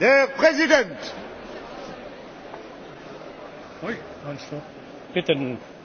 Der Präsident! Ui, nein, stopp. Bitte.